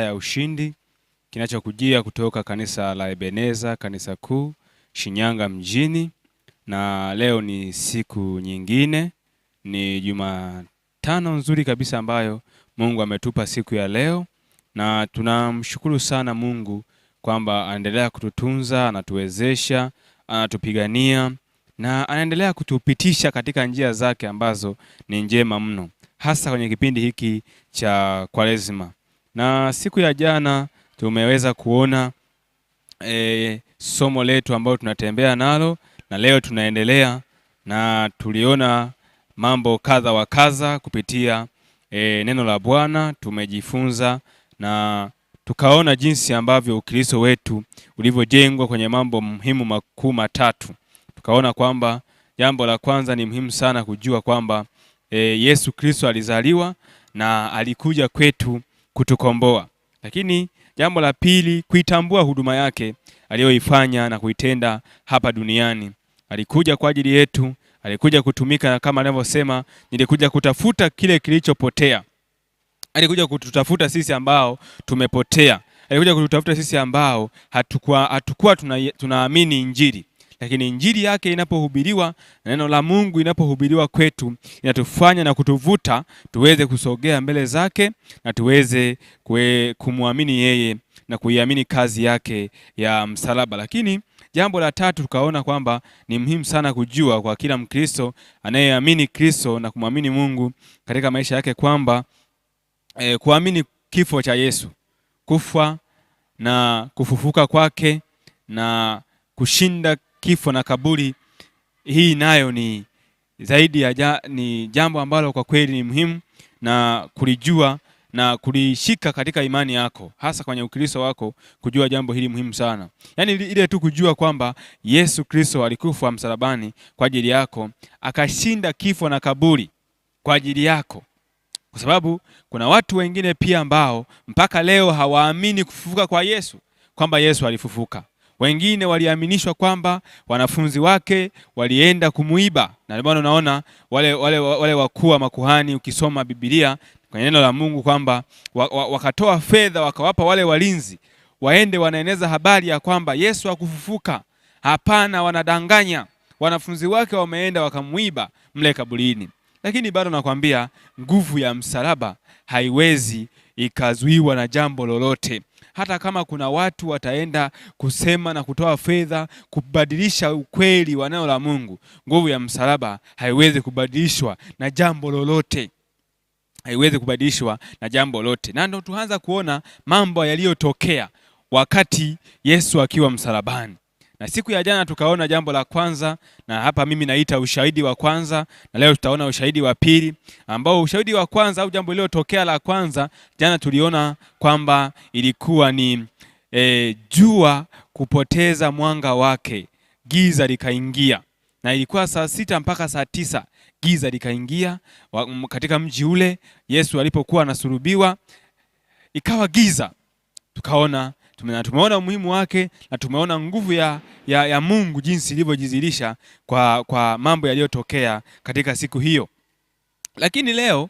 ya ushindi kinachokujia kutoka kanisa la Ebeneza, kanisa kuu Shinyanga mjini. Na leo ni siku nyingine, ni Jumatano nzuri kabisa ambayo Mungu ametupa siku ya leo, na tunamshukuru sana Mungu kwamba anaendelea kututunza, anatuwezesha, anatupigania na anaendelea kutupitisha katika njia zake ambazo ni njema mno, hasa kwenye kipindi hiki cha Kwaresma. Na siku ya jana tumeweza kuona e, somo letu ambalo tunatembea nalo na leo tunaendelea na tuliona mambo kadha wa kadha kupitia e, neno la Bwana tumejifunza na tukaona jinsi ambavyo Ukristo wetu ulivyojengwa kwenye mambo muhimu makuu matatu. Tukaona kwamba jambo la kwanza ni muhimu sana kujua kwamba e, Yesu Kristo alizaliwa na alikuja kwetu kutukomboa. Lakini jambo la pili, kuitambua huduma yake aliyoifanya na kuitenda hapa duniani. Alikuja kwa ajili yetu, alikuja kutumika, na kama anavyosema, nilikuja kutafuta kile kilichopotea. Alikuja kututafuta sisi ambao tumepotea, alikuja kututafuta sisi ambao hatukuwa hatukuwa tunaamini Injili lakini injili yake inapohubiriwa, neno la Mungu inapohubiriwa kwetu, inatufanya na kutuvuta tuweze kusogea mbele zake na tuweze kumwamini yeye na kuiamini kazi yake ya msalaba. Lakini jambo la tatu tukaona kwamba ni muhimu sana kujua kwa kila Mkristo anayeamini Kristo na kumwamini Mungu katika maisha yake kwamba e, kuamini kifo cha Yesu, kufa na kufufuka kwake na kushinda kifo na kaburi, hii nayo ni zaidi ya ja, ni jambo ambalo kwa kweli ni muhimu na kulijua na kulishika katika imani yako, hasa kwenye Ukristo wako, kujua jambo hili muhimu sana. Yaani ile tu kujua kwamba Yesu Kristo alikufa msalabani kwa ajili yako, akashinda kifo na kaburi kwa ajili yako, kwa sababu kuna watu wengine pia ambao mpaka leo hawaamini kufufuka kwa Yesu, kwamba Yesu alifufuka. Wengine waliaminishwa kwamba wanafunzi wake walienda kumuiba, na ndio maana unaona wale, wale, wale wakuu wa makuhani ukisoma Biblia kwenye neno la Mungu kwamba wakatoa fedha wakawapa wale walinzi waende wanaeneza habari ya kwamba Yesu hakufufuka. Hapana, wanadanganya. Wanafunzi wake wameenda wakamuiba mle kaburini. Lakini bado nakwambia, nguvu ya msalaba haiwezi ikazuiwa na jambo lolote hata kama kuna watu wataenda kusema na kutoa fedha kubadilisha ukweli wa neno la Mungu, nguvu ya msalaba haiwezi kubadilishwa na jambo lolote, haiwezi kubadilishwa na jambo lolote. Na ndio tuanza kuona mambo yaliyotokea wakati Yesu akiwa msalabani. Na siku ya jana tukaona jambo la kwanza, na hapa mimi naita ushahidi wa kwanza, na leo tutaona ushahidi wa pili, ambao ushahidi wa kwanza au jambo lililotokea la kwanza jana tuliona kwamba ilikuwa ni e, jua kupoteza mwanga wake, giza likaingia, na ilikuwa saa sita mpaka saa tisa giza likaingia katika mji ule Yesu alipokuwa anasulubiwa, ikawa giza. Tukaona na tumeona umuhimu wake na tumeona nguvu ya, ya, ya Mungu jinsi ilivyojizilisha kwa, kwa mambo yaliyotokea katika siku hiyo. Lakini leo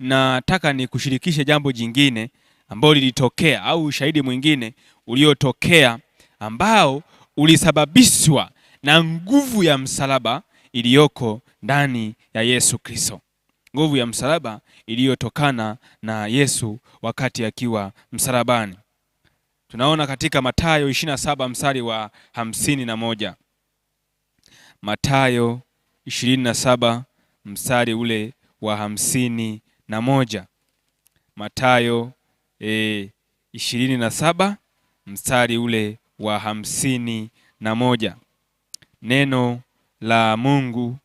nataka ni kushirikishe jambo jingine ambalo lilitokea au ushahidi mwingine uliotokea ambao ulisababishwa na nguvu ya msalaba iliyoko ndani ya Yesu Kristo, nguvu ya msalaba iliyotokana na Yesu wakati akiwa msalabani. Tunaona katika Mathayo 27 mstari wa hamsini na moja. Mathayo 27 mstari ule wa hamsini na moja. Mathayo e, 27 mstari ule wa hamsini na moja. Neno la Mungu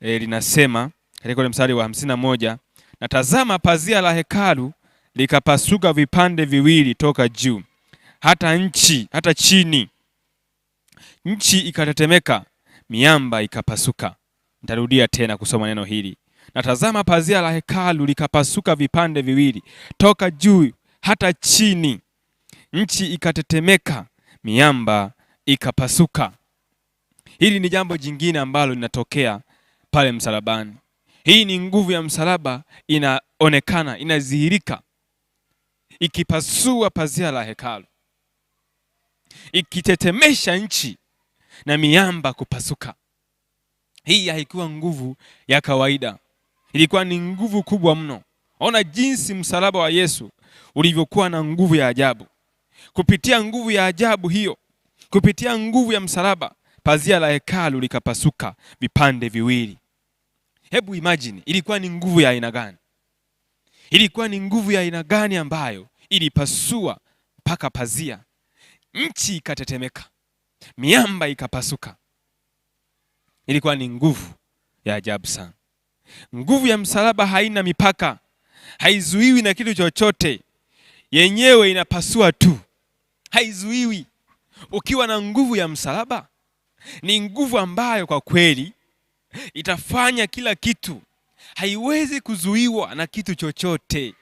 e, linasema katika ule mstari wa hamsini na moja, na tazama pazia la hekalu likapasuka vipande viwili toka juu hata nchi hata chini. Nchi ikatetemeka, miamba ikapasuka. Nitarudia tena kusoma neno hili. natazama pazia la hekalu likapasuka vipande viwili, toka juu hata chini. Nchi ikatetemeka, miamba ikapasuka. Hili ni jambo jingine ambalo linatokea pale msalabani. Hii ni nguvu ya msalaba inaonekana, inadhihirika ikipasua pazia la hekalu ikitetemesha nchi na miamba kupasuka. Hii haikuwa nguvu ya kawaida, ilikuwa ni nguvu kubwa mno. Ona jinsi msalaba wa Yesu ulivyokuwa na nguvu ya ajabu. Kupitia nguvu ya ajabu hiyo, kupitia nguvu ya msalaba, pazia la hekalu likapasuka vipande viwili. Hebu imagine, ilikuwa ni nguvu ya aina gani? Ilikuwa ni nguvu ya aina gani ambayo ilipasua mpaka pazia nchi ikatetemeka, miamba ikapasuka. Ilikuwa ni nguvu ya ajabu sana. Nguvu ya msalaba haina mipaka, haizuiwi na kitu chochote, yenyewe inapasua tu, haizuiwi. Ukiwa na nguvu ya msalaba, ni nguvu ambayo kwa kweli itafanya kila kitu, haiwezi kuzuiwa na kitu chochote.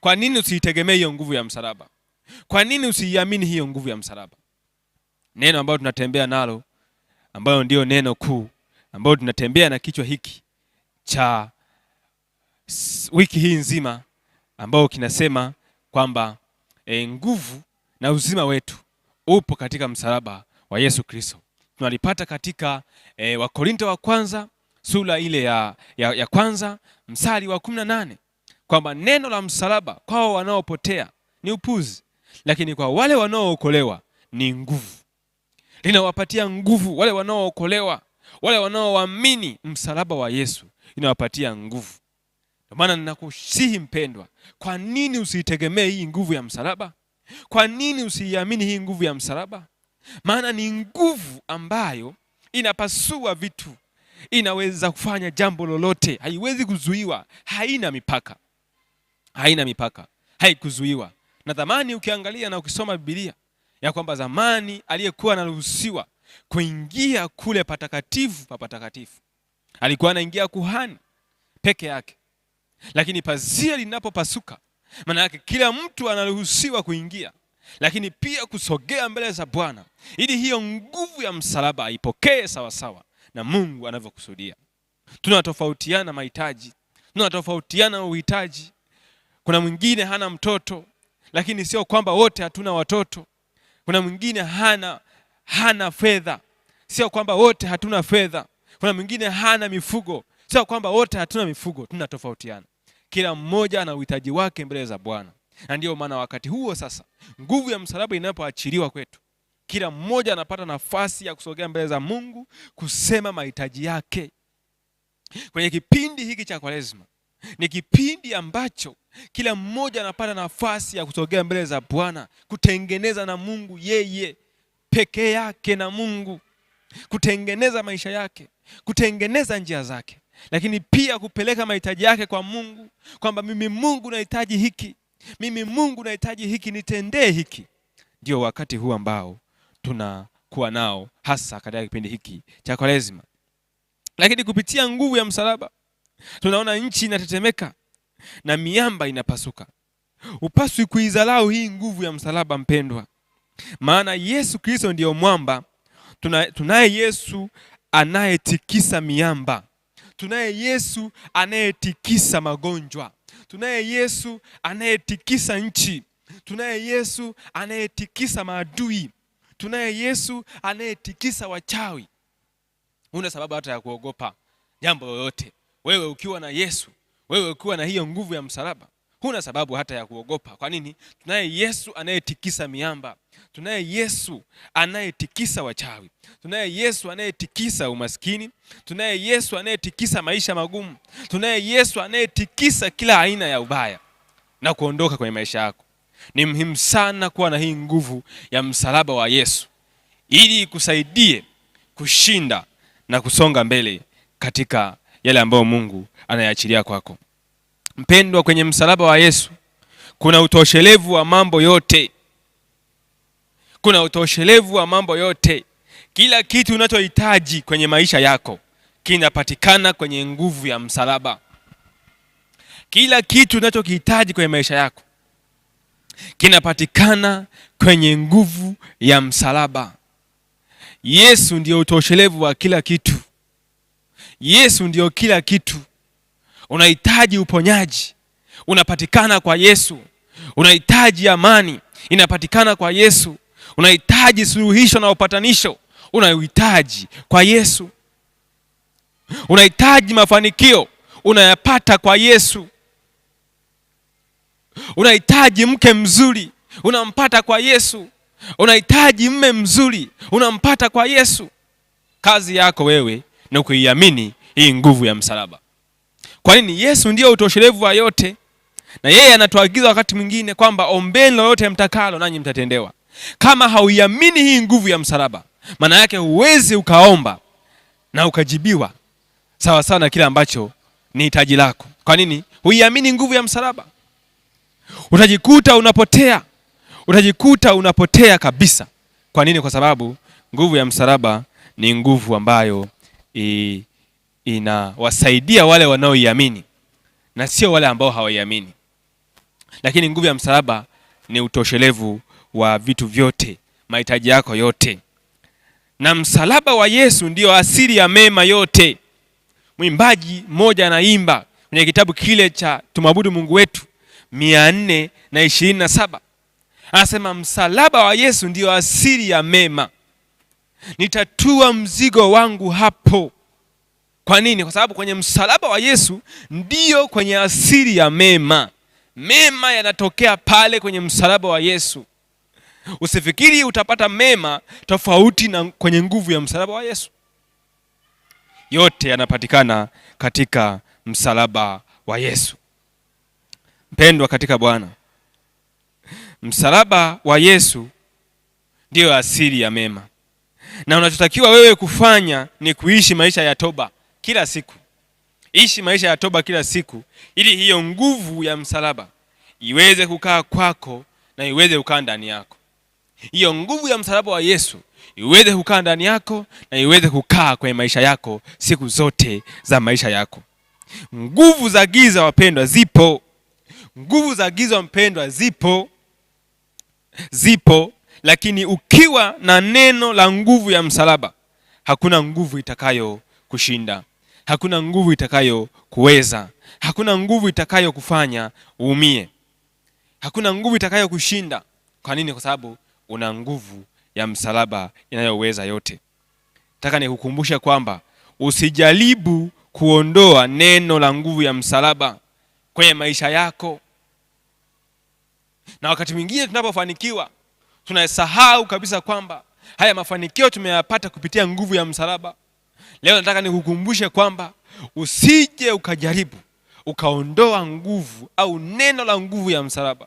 Kwa nini usiitegemee hiyo nguvu ya msalaba? Kwa nini usiiamini hiyo nguvu ya msalaba? Neno ambayo tunatembea nalo, ambayo ndiyo neno kuu, ambayo tunatembea na kichwa hiki cha wiki hii nzima, ambayo kinasema kwamba e, nguvu na uzima wetu upo katika msalaba wa Yesu Kristo. Tunalipata katika e, Wakorinto wa kwanza sura ile ya, ya, ya kwanza mstari wa 18 kwamba neno la msalaba kwao wanaopotea ni upuzi lakini kwa wale wanaookolewa ni nguvu, linawapatia nguvu wale wanaookolewa, wale wanaoamini msalaba wa Yesu inawapatia nguvu. Ndio maana ninakusihi mpendwa, kwa nini usiitegemee hii nguvu ya msalaba? Kwa nini usiiamini hii nguvu ya msalaba? Maana ni nguvu ambayo inapasua vitu, inaweza kufanya jambo lolote, haiwezi kuzuiwa, haina mipaka, haina mipaka, haikuzuiwa na zamani ukiangalia na ukisoma Biblia ya kwamba zamani aliyekuwa anaruhusiwa kuingia kule patakatifu pa patakatifu alikuwa anaingia kuhani peke yake, lakini pazia linapopasuka, maana yake kila mtu anaruhusiwa kuingia, lakini pia kusogea mbele za Bwana ili hiyo nguvu ya msalaba aipokee sawasawa na Mungu anavyokusudia. Tunatofautiana mahitaji, tunatofautiana uhitaji. Kuna mwingine hana mtoto, lakini sio kwamba wote hatuna watoto. Kuna mwingine hana, hana fedha, sio kwamba wote hatuna fedha. Kuna mwingine hana mifugo, sio kwamba wote hatuna mifugo. Tunatofautiana, kila mmoja ana uhitaji wake mbele za Bwana, na ndiyo maana wakati huo sasa, nguvu ya msalaba inapoachiliwa kwetu, kila mmoja anapata nafasi ya kusogea mbele za Mungu kusema mahitaji yake kwenye kipindi hiki cha Kwaresma ni kipindi ambacho kila mmoja anapata nafasi ya kusogea mbele za Bwana, kutengeneza na Mungu yeye pekee yake, na Mungu kutengeneza maisha yake, kutengeneza njia zake, lakini pia kupeleka mahitaji yake kwa Mungu, kwamba mimi Mungu nahitaji hiki, mimi Mungu nahitaji hiki, nitendee hiki. Ndio wakati huu ambao tunakuwa nao hasa katika kipindi hiki cha Kwaresima, lakini kupitia nguvu ya msalaba Tunaona nchi inatetemeka na miamba inapasuka. Upaswi kuizalau hii nguvu ya msalaba, mpendwa, maana Yesu Kristo ndiyo mwamba. Tunaye Yesu anayetikisa miamba, tunaye Yesu anayetikisa magonjwa, tunaye Yesu anayetikisa nchi, tunaye Yesu anayetikisa maadui, tunaye Yesu anayetikisa wachawi. una sababu hata ya kuogopa jambo yoyote wewe ukiwa na Yesu, wewe ukiwa na hiyo nguvu ya msalaba, huna sababu hata ya kuogopa. Kwa nini? Tunaye Yesu anayetikisa miamba, tunaye Yesu anayetikisa wachawi, tunaye Yesu anayetikisa umaskini, tunaye Yesu anayetikisa maisha magumu, tunaye Yesu anayetikisa kila aina ya ubaya na kuondoka kwenye maisha yako. Ni muhimu sana kuwa na hii nguvu ya msalaba wa Yesu ili ikusaidie kushinda na kusonga mbele katika yale ambayo Mungu anayaachilia kwako. Mpendwa, kwenye msalaba wa Yesu kuna utoshelevu wa mambo yote, kuna utoshelevu wa mambo yote. Kila kitu unachohitaji kwenye maisha yako kinapatikana kwenye nguvu ya msalaba. Kila kitu unachokihitaji kwenye maisha yako kinapatikana kwenye nguvu ya msalaba. Yesu ndiyo utoshelevu wa kila kitu. Yesu ndiyo kila kitu. Unahitaji uponyaji, unapatikana kwa Yesu. Unahitaji amani, inapatikana kwa Yesu. Unahitaji suluhisho na upatanisho, unahitaji kwa Yesu. Unahitaji mafanikio, unayapata kwa Yesu. Unahitaji mke mzuri, unampata kwa Yesu. Unahitaji mme mzuri, unampata kwa Yesu. Kazi yako wewe na kuiamini hii nguvu ya msalaba. Kwa nini? Yesu ndiyo utoshelevu wa yote, na yeye anatuagiza wakati mwingine kwamba ombeni lolote mtakalo, nanyi mtatendewa. Kama hauiamini hii nguvu ya msalaba, maana yake huwezi ukaomba na ukajibiwa sawa sawa na kile ambacho ni hitaji lako. Kwa nini? Huiamini nguvu ya msalaba. Utajikuta unapotea, utajikuta unapotea kabisa. Kwa nini? Kwa sababu nguvu ya msalaba ni nguvu ambayo inawasaidia wale wanaoiamini na sio wale ambao hawaiamini. Lakini nguvu ya msalaba ni utoshelevu wa vitu vyote, mahitaji yako yote, na msalaba wa Yesu ndiyo asili ya mema yote. Mwimbaji mmoja anaimba kwenye kitabu kile cha Tumwabudu Mungu Wetu mia nne na ishirini na saba anasema msalaba wa Yesu ndiyo asili ya mema nitatua mzigo wangu hapo. Kwa nini? Kwa sababu kwenye msalaba wa Yesu ndiyo kwenye asili ya mema. Mema yanatokea pale kwenye msalaba wa Yesu. Usifikiri utapata mema tofauti na kwenye nguvu ya msalaba wa Yesu. Yote yanapatikana katika msalaba wa Yesu. Mpendwa katika Bwana, msalaba wa Yesu ndiyo asili ya mema na unachotakiwa wewe kufanya ni kuishi maisha ya toba kila siku. Ishi maisha ya toba kila siku, ili hiyo nguvu ya msalaba iweze kukaa kwako na iweze kukaa ndani yako. Hiyo nguvu ya msalaba wa Yesu iweze kukaa ndani yako na iweze kukaa kwenye maisha yako siku zote za maisha yako. Nguvu za giza wapendwa, zipo. Nguvu za giza mpendwa, zipo, zipo lakini ukiwa na neno la nguvu ya msalaba, hakuna nguvu itakayo kushinda, hakuna nguvu itakayo kuweza, hakuna nguvu itakayo kufanya uumie, hakuna nguvu itakayo kushinda. Kwa nini? Kwa sababu una nguvu ya msalaba inayoweza yote. Nataka nikukumbusha kwamba usijaribu kuondoa neno la nguvu ya msalaba kwenye maisha yako, na wakati mwingine tunapofanikiwa tunasahau kabisa kwamba haya mafanikio tumeyapata kupitia nguvu ya msalaba. Leo nataka nikukumbushe kwamba usije ukajaribu ukaondoa nguvu au neno la nguvu ya msalaba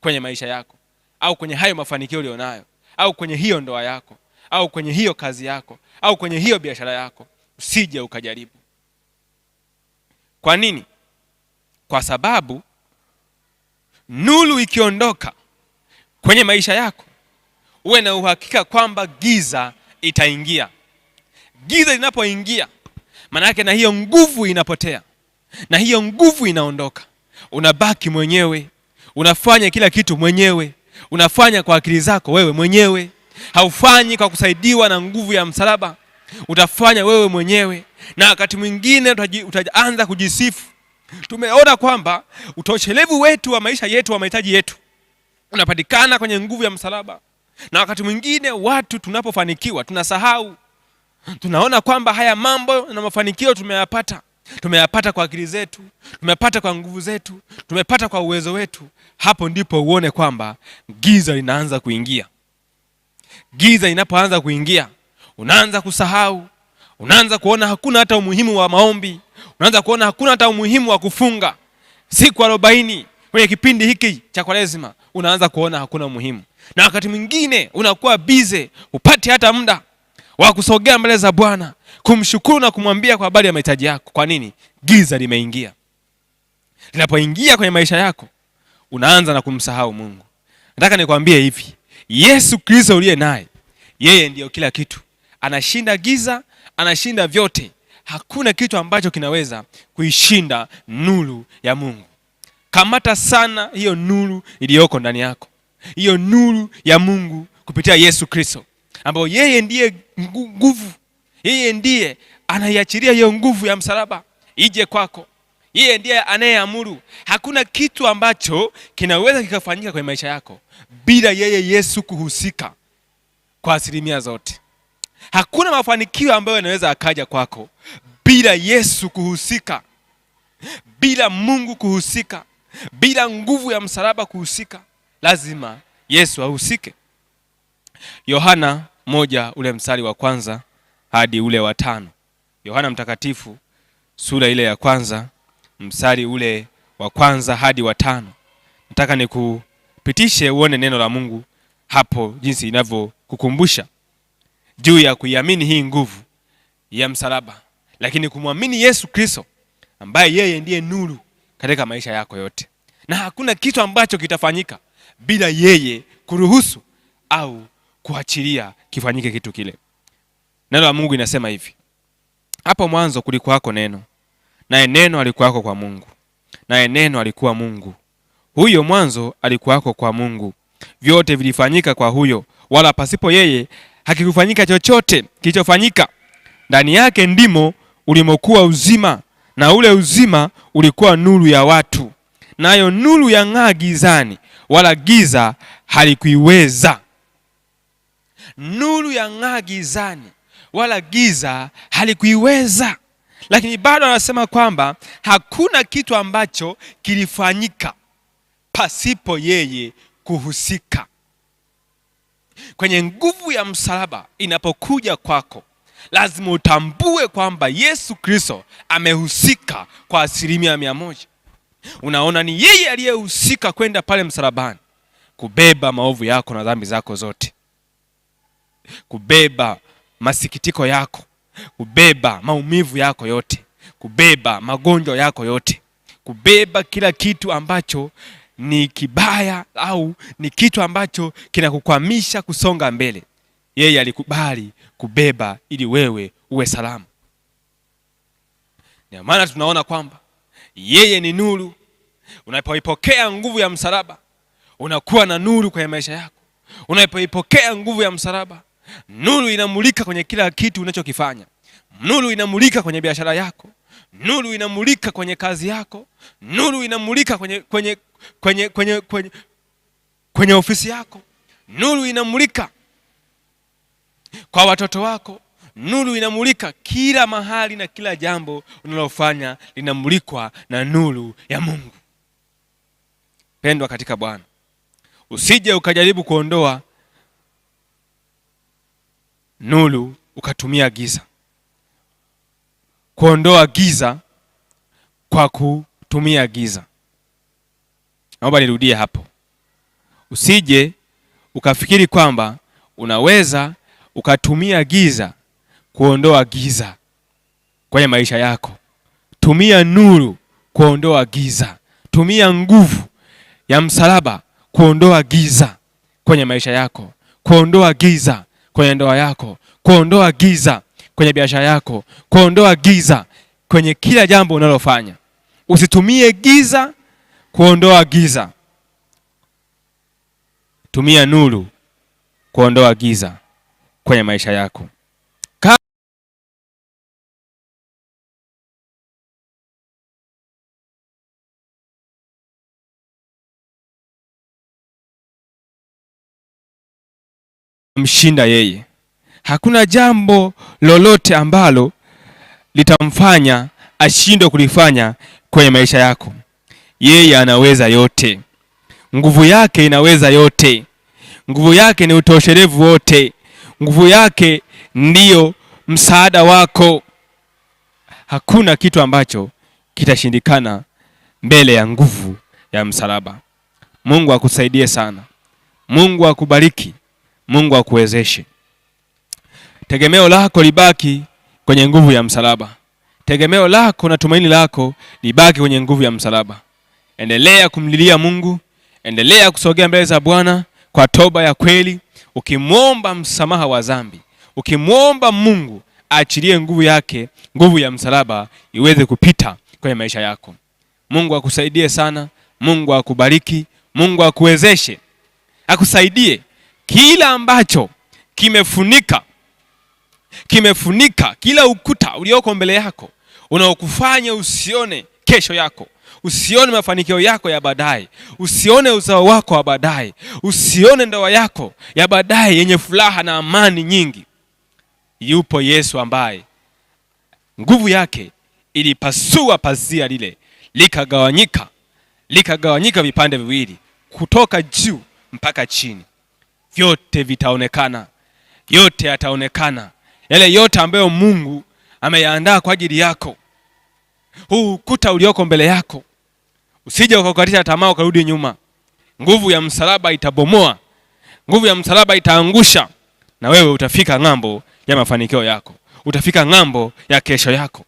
kwenye maisha yako au kwenye hayo mafanikio ulionayo au kwenye hiyo ndoa yako au kwenye hiyo kazi yako au kwenye hiyo biashara yako. Usije ukajaribu. Kwa nini? Kwa sababu nuru ikiondoka kwenye maisha yako, uwe na uhakika kwamba giza itaingia. Giza linapoingia, maana yake na hiyo nguvu inapotea, na hiyo nguvu inaondoka, unabaki mwenyewe, unafanya kila kitu mwenyewe, unafanya kwa akili zako wewe mwenyewe, haufanyi kwa kusaidiwa na nguvu ya msalaba, utafanya wewe mwenyewe, na wakati mwingine utaanza kujisifu. Tumeona kwamba utoshelevu wetu wa maisha yetu wa mahitaji yetu unapatikana kwenye nguvu ya msalaba. Na wakati mwingine watu tunapofanikiwa tunasahau, tunaona kwamba haya mambo na mafanikio tumeyapata, tumeyapata kwa akili zetu, tumepata kwa nguvu zetu, tumepata kwa uwezo wetu. Hapo ndipo uone kwamba giza linaanza kuingia. Giza inapoanza kuingia, unaanza kusahau, unaanza kuona hakuna hata umuhimu wa maombi, unaanza kuona hakuna hata umuhimu wa kufunga siku arobaini kwenye kipindi hiki cha Kwaresima unaanza kuona hakuna muhimu, na wakati mwingine unakuwa bize, upate hata muda wa kusogea mbele za Bwana kumshukuru na kumwambia kwa habari ya mahitaji yako. Kwa nini? Giza limeingia. Linapoingia kwenye maisha yako unaanza na kumsahau Mungu. Nataka nikwambie hivi, Yesu Kristo uliye naye, yeye ndiyo kila kitu. Anashinda giza, anashinda vyote. Hakuna kitu ambacho kinaweza kuishinda nuru ya Mungu. Kamata sana hiyo nuru iliyoko ndani yako, hiyo nuru ya Mungu kupitia Yesu Kristo, ambayo yeye ndiye nguvu, yeye ndiye anaiachilia hiyo nguvu ya msalaba ije kwako. Yeye ndiye anayeamuru. Hakuna kitu ambacho kinaweza kikafanyika kwenye maisha yako bila yeye Yesu kuhusika kwa asilimia zote. Hakuna mafanikio ambayo yanaweza akaja kwako bila Yesu kuhusika, bila Mungu kuhusika bila nguvu ya msalaba kuhusika, lazima Yesu ahusike. Yohana moja ule mstari wa kwanza hadi ule wa tano. Yohana Mtakatifu sura ile ya kwanza mstari ule wa kwanza hadi wa tano. Nataka nikupitishe uone neno la Mungu hapo jinsi inavyokukumbusha juu ya kuiamini hii nguvu ya msalaba, lakini kumwamini Yesu Kristo ambaye yeye ndiye nuru katika maisha yako yote, na hakuna kitu ambacho kitafanyika bila yeye kuruhusu au kuachilia kifanyike kitu kile. Neno la Mungu inasema hivi, hapo mwanzo kulikuwako neno, naye neno alikuwako kwa Mungu, naye neno alikuwa Mungu. Huyo mwanzo alikuwako kwa Mungu. Vyote vilifanyika kwa huyo, wala pasipo yeye hakikufanyika chochote kilichofanyika. Ndani yake ndimo ulimokuwa uzima na ule uzima ulikuwa nuru ya watu, nayo nuru ya ng'aa gizani, wala giza halikuiweza. Nuru ya ng'aa gizani, wala giza halikuiweza. Lakini bado anasema kwamba hakuna kitu ambacho kilifanyika pasipo yeye kuhusika. Kwenye nguvu ya msalaba inapokuja kwako lazima utambue kwamba Yesu Kristo amehusika kwa asilimia mia moja. Unaona, ni yeye aliyehusika kwenda pale msalabani kubeba maovu yako na dhambi zako zote, kubeba masikitiko yako, kubeba maumivu yako yote, kubeba magonjwa yako yote, kubeba kila kitu ambacho ni kibaya au ni kitu ambacho kinakukwamisha kusonga mbele. Yeye alikubali kubeba ili wewe uwe salama. Ndio maana tunaona kwamba yeye ni nuru. Unapoipokea nguvu ya msalaba, unakuwa na nuru kwenye maisha yako. Unapoipokea nguvu ya msalaba, nuru inamulika kwenye kila kitu unachokifanya. Nuru inamulika kwenye biashara yako, nuru inamulika kwenye kazi yako, nuru inamulika kwenye, kwenye, kwenye, kwenye, kwenye, kwenye ofisi yako, nuru inamulika kwa watoto wako. Nuru inamulika kila mahali na kila jambo unalofanya linamulikwa na nuru ya Mungu. Pendwa katika Bwana, usije ukajaribu kuondoa nuru ukatumia giza, kuondoa giza kwa kutumia giza. Naomba nirudie hapo, usije ukafikiri kwamba unaweza ukatumia giza kuondoa giza kwenye maisha yako. Tumia nuru kuondoa giza, tumia nguvu ya msalaba kuondoa giza kwenye maisha yako, kuondoa giza kwenye ndoa yako, kuondoa giza kwenye biashara yako, kuondoa giza kwenye kila jambo unalofanya. Usitumie giza kuondoa giza, tumia nuru kuondoa giza kwenye maisha yako. Mshinda yeye, hakuna jambo lolote ambalo litamfanya ashindwe kulifanya kwenye maisha yako. Yeye anaweza yote, nguvu yake inaweza yote, nguvu yake ni utoshelevu wote. Nguvu yake ndiyo msaada wako. Hakuna kitu ambacho kitashindikana mbele ya nguvu ya msalaba. Mungu akusaidie sana, Mungu akubariki, Mungu akuwezeshe. Tegemeo lako libaki kwenye nguvu ya msalaba. Tegemeo lako na tumaini lako libaki kwenye nguvu ya msalaba. Endelea kumlilia Mungu, endelea kusogea mbele za Bwana kwa toba ya kweli ukimwomba msamaha wa dhambi, ukimwomba Mungu aachilie nguvu yake, nguvu ya msalaba iweze kupita kwenye maisha yako. Mungu akusaidie sana, Mungu akubariki, Mungu akuwezeshe, akusaidie kila ambacho kimefunika kimefunika kila ukuta ulioko mbele yako unaokufanya usione kesho yako usione mafanikio yako ya baadaye, usione uzao wako wa baadaye, usione ndoa yako ya baadaye yenye furaha na amani nyingi. Yupo Yesu ambaye nguvu yake ilipasua pazia lile likagawanyika, likagawanyika vipande viwili, kutoka juu mpaka chini. Vyote vitaonekana, yote yataonekana, yale yote ambayo Mungu ameyaandaa kwa ajili yako. Huu ukuta ulioko mbele yako Usija ukakatisha tamaa ukarudi nyuma. Nguvu ya msalaba itabomoa, nguvu ya msalaba itaangusha, na wewe utafika ng'ambo ya mafanikio yako, utafika ng'ambo ya kesho yako.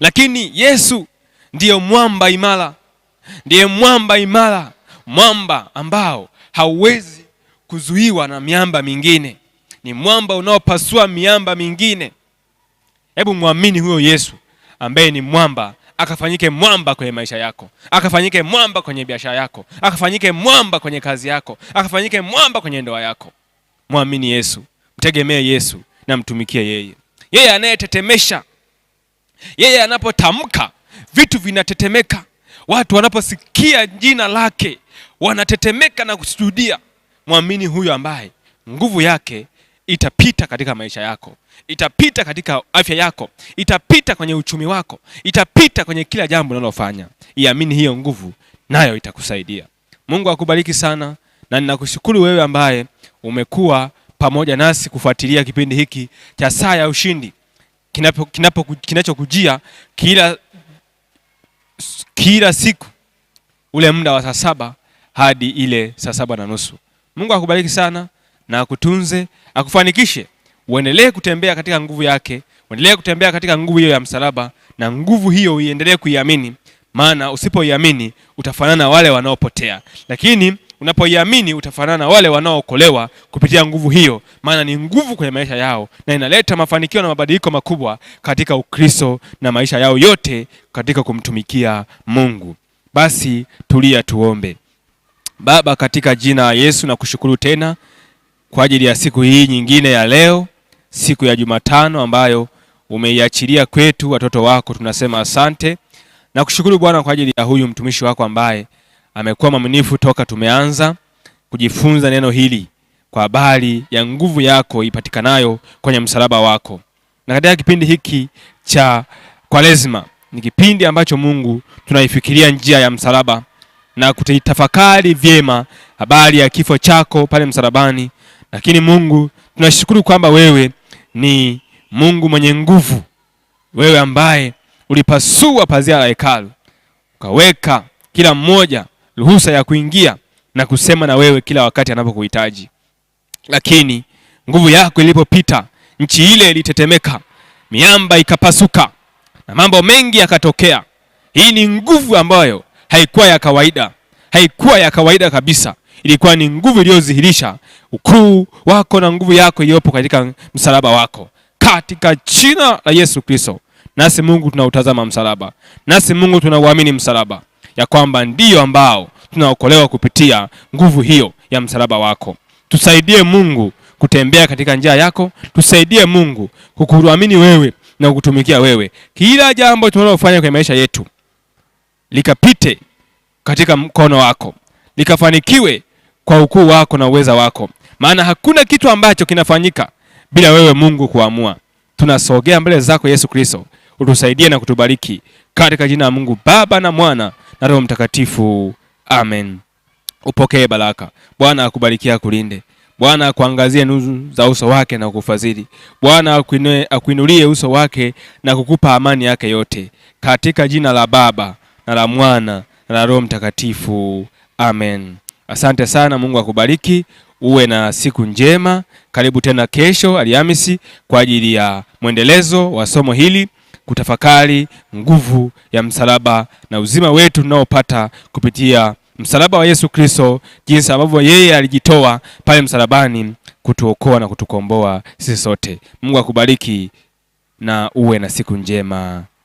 Lakini Yesu ndiye mwamba imara, ndiye mwamba imara, mwamba ambao hauwezi kuzuiwa na miamba mingine, ni mwamba unaopasua miamba mingine. Hebu mwamini huyo Yesu ambaye ni mwamba akafanyike mwamba kwenye maisha yako, akafanyike mwamba kwenye biashara yako, akafanyike mwamba kwenye kazi yako, akafanyike mwamba kwenye ndoa yako. Mwamini Yesu, mtegemee Yesu na mtumikie yeye. Yeye anayetetemesha, yeye anapotamka vitu vinatetemeka. Watu wanaposikia jina lake wanatetemeka na kusujudia. Mwamini huyo ambaye nguvu yake itapita katika maisha yako, itapita katika afya yako, itapita kwenye uchumi wako, itapita kwenye kila jambo unalofanya. Iamini hiyo nguvu, nayo itakusaidia. Mungu akubariki sana, na ninakushukuru wewe ambaye umekuwa pamoja nasi kufuatilia kipindi hiki cha Saa ya Ushindi kinachokujia kila, kila siku ule muda wa saa saba hadi ile saa saba na nusu. Mungu akubariki sana na akutunze, akufanikishe uendelee kutembea katika nguvu yake, uendelee kutembea katika nguvu hiyo ya msalaba, na nguvu hiyo uiendelee kuiamini, maana usipoiamini utafanana na wale wanaopotea, lakini unapoiamini utafanana na wale wanaookolewa kupitia nguvu hiyo, maana ni nguvu kwenye maisha yao na inaleta mafanikio na mabadiliko makubwa katika Ukristo na maisha yao yote katika kumtumikia Mungu. Basi tulia, tuombe. Baba, katika jina la Yesu, na kushukuru tena kwa ajili ya siku hii nyingine ya leo, siku ya Jumatano ambayo umeiachilia kwetu watoto wako. Tunasema asante na kushukuru Bwana kwa ajili ya huyu mtumishi wako ambaye amekuwa mwaminifu toka tumeanza kujifunza neno hili kwa habari ya nguvu yako ipatikanayo kwenye msalaba wako. Na katika kipindi hiki cha Kwaresma ni kipindi ambacho Mungu tunaifikiria njia ya msalaba na kutitafakari vyema habari ya kifo chako pale msalabani lakini Mungu tunashukuru kwamba wewe ni Mungu mwenye nguvu, wewe ambaye ulipasua pazia la hekalu ukaweka kila mmoja ruhusa ya kuingia na kusema na wewe kila wakati anapokuhitaji. Lakini nguvu yako ilipopita, nchi ile ilitetemeka, miamba ikapasuka na mambo mengi yakatokea. Hii ni nguvu ambayo haikuwa ya kawaida, haikuwa ya kawaida kabisa ilikuwa ni nguvu iliyodhihirisha ukuu wako na nguvu yako iliyopo katika msalaba wako, katika jina la Yesu Kristo. Nasi Mungu tunautazama msalaba, nasi Mungu tunauamini msalaba, ya kwamba ndiyo ambao tunaokolewa kupitia nguvu hiyo ya msalaba wako. Tusaidie Mungu kutembea katika njia yako, tusaidie Mungu kukuamini wewe na kukutumikia wewe. Kila jambo tunalofanya kwenye maisha yetu likapite katika mkono wako, likafanikiwe kwa ukuu wako na uweza wako, maana hakuna kitu ambacho kinafanyika bila wewe Mungu kuamua. Tunasogea mbele zako Yesu Kristo, utusaidie na kutubariki katika jina la Mungu Baba na Mwana na Roho Mtakatifu, amen. Upokee baraka. Bwana akubariki akulinde. Bwana akuangazie nuru za uso wake na kukufadhili. Bwana akuinulie uso wake na kukupa amani yake yote, katika jina la Baba na la Mwana na la Roho Mtakatifu, amen. Asante sana, Mungu akubariki, uwe na siku njema. Karibu tena kesho Alhamisi kwa ajili ya mwendelezo wa somo hili, kutafakari nguvu ya msalaba na uzima wetu tunaopata kupitia msalaba wa Yesu Kristo, jinsi ambavyo yeye alijitoa pale msalabani kutuokoa na kutukomboa sisi sote. Mungu akubariki na uwe na siku njema.